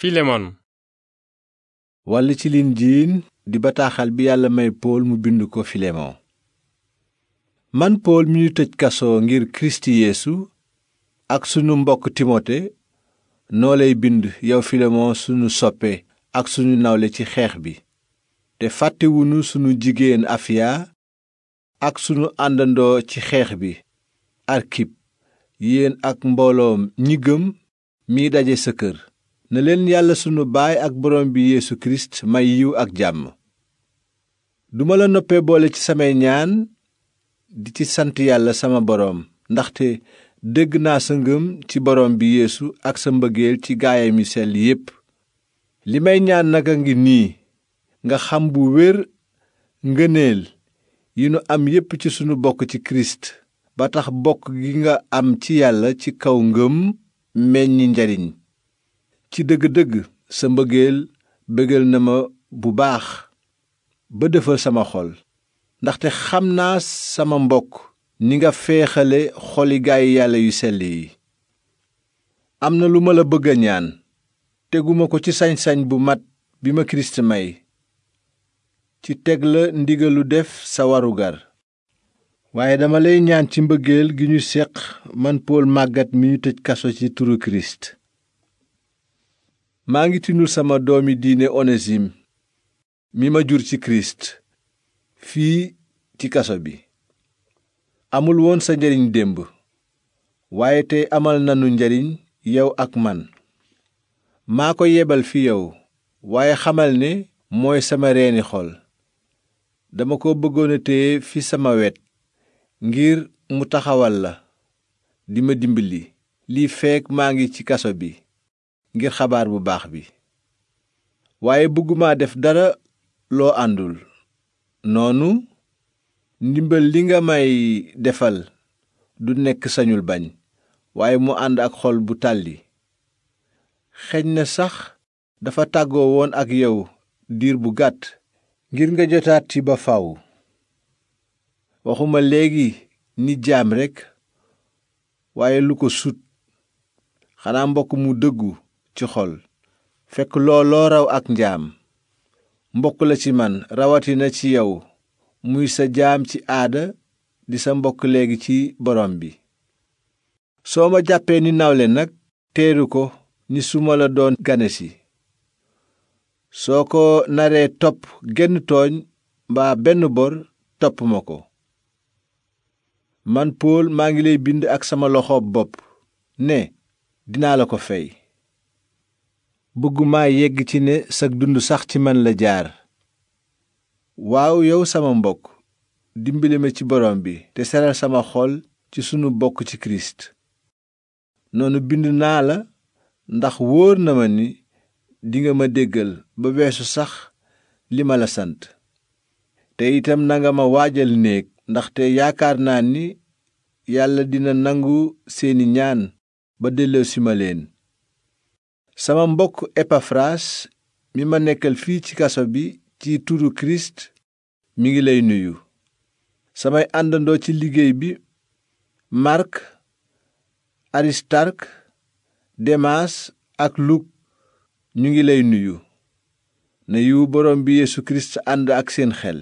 filemon wàll ci linjiin di bataaxal bi yàlla may pool mu bind ko filemon man pool mi ñu tëj kaso ngir kiristu yeesu ak sunu mbokk timote noo lay bind yow filemon sunu soppe ak sunu nawle ci xeex bi te fàttewunu sunu jigéen afiya ak sunu àndandoo ci xeex bi arkip yéen ak mbooloom ñi gëm mi daje sa kër na leen yàlla sunu baay ak boroom bi Yeesu Kirist may yiw ak jàmm duma la noppee boole ci samay ñaan di ci sant yàlla sama boroom ndaxte dégg naa sa ngëm ci boroom bi Yeesu ak sa mbëggeel ci gaayam yi sell yépp li may ñaan nag a ngi nii nga xam bu wér ngëneel yi nu am yépp ci sunu bokk ci Kirist ba tax bokk gi nga am ci yàlla ci kaw ngëm meññi njariñ ci dëgg-dëgg sa mbëggeel bégal na ma bu baax ba defal sama xol ndaxte xam naa sama mbokk ni nga feexale xoli gaay yàlla yu sell yi am na lu ma la bëgg ñaan teguma ko ci sañ-sañ bu mat bi ma kirist may ci teg la ndigalu def sa warugar waaye dama lay ñaan ci mbëggeel gi ñu seq man pool màggat mi ñu tëj kaso ci turu kirist maa ngi tinul sama doomi diine onesim mi ma jur ci kirist fii ci kaso bi amul woon sa njariñ démb waaye tey amal nanu njariñ yow ak man maa ko yebal fi yow waaye xamal ne mooy sama reeni xol dama ko bëggoon a téye fi sama wet ngir mu taxawal la di ma dimbali lii feek maa ngi ci kaso bi ngir xabaar bu baax bi waaye bëgguma def dara loo àndul noonu ndimmal li nga may defal du nekk sañul bañ waaye mu ànd ak xol bu tàlli xeñ na sax dafa tàggoo woon ak yow diir bu gàtt ngir nga jotaat ci ba faw waxuma léegi ni jaam rekk waaye lu ko sut xanaa mbokk mu dëggu ci xol fekk looloo raw ak njaam mbokk la ci man rawatina ci yow muy sa jaam ci aada di sa mbokk léegi ci borom bi soo ma jàppee ni nawle nag teeru ko ni su ma la doon gane si soo ko naree topp genn tooñ mbaa benn bor topp ma ko man Pool maa ngi lay bind ak sama loxo bopp ne dinaa la ko fey bëgguma yegg ci ne sag dund sax ci man la jaar waaw yow sama mbokk dimbali ma ci borom bi te seral sama xol ci sunu bokk ci kirist noonu bind naa la ndax wóor na ma ni dinga ma déggal ba weesu sax li ma la sant te itam na nga ma waajal néeg ndaxte yaakaar naa ni yàlla dina nangu seeni ñaan ba delloosi ma leen sama mbokk epafras mi ma nekkal fii ci kaso bi ci turu kirist mi ngi lay nuyu samay àndandoo ci liggéey bi mark aristark demaas ak luk ñu ngi lay nuyu na yiwu borom bi yeesu kirist ànd ak seen xel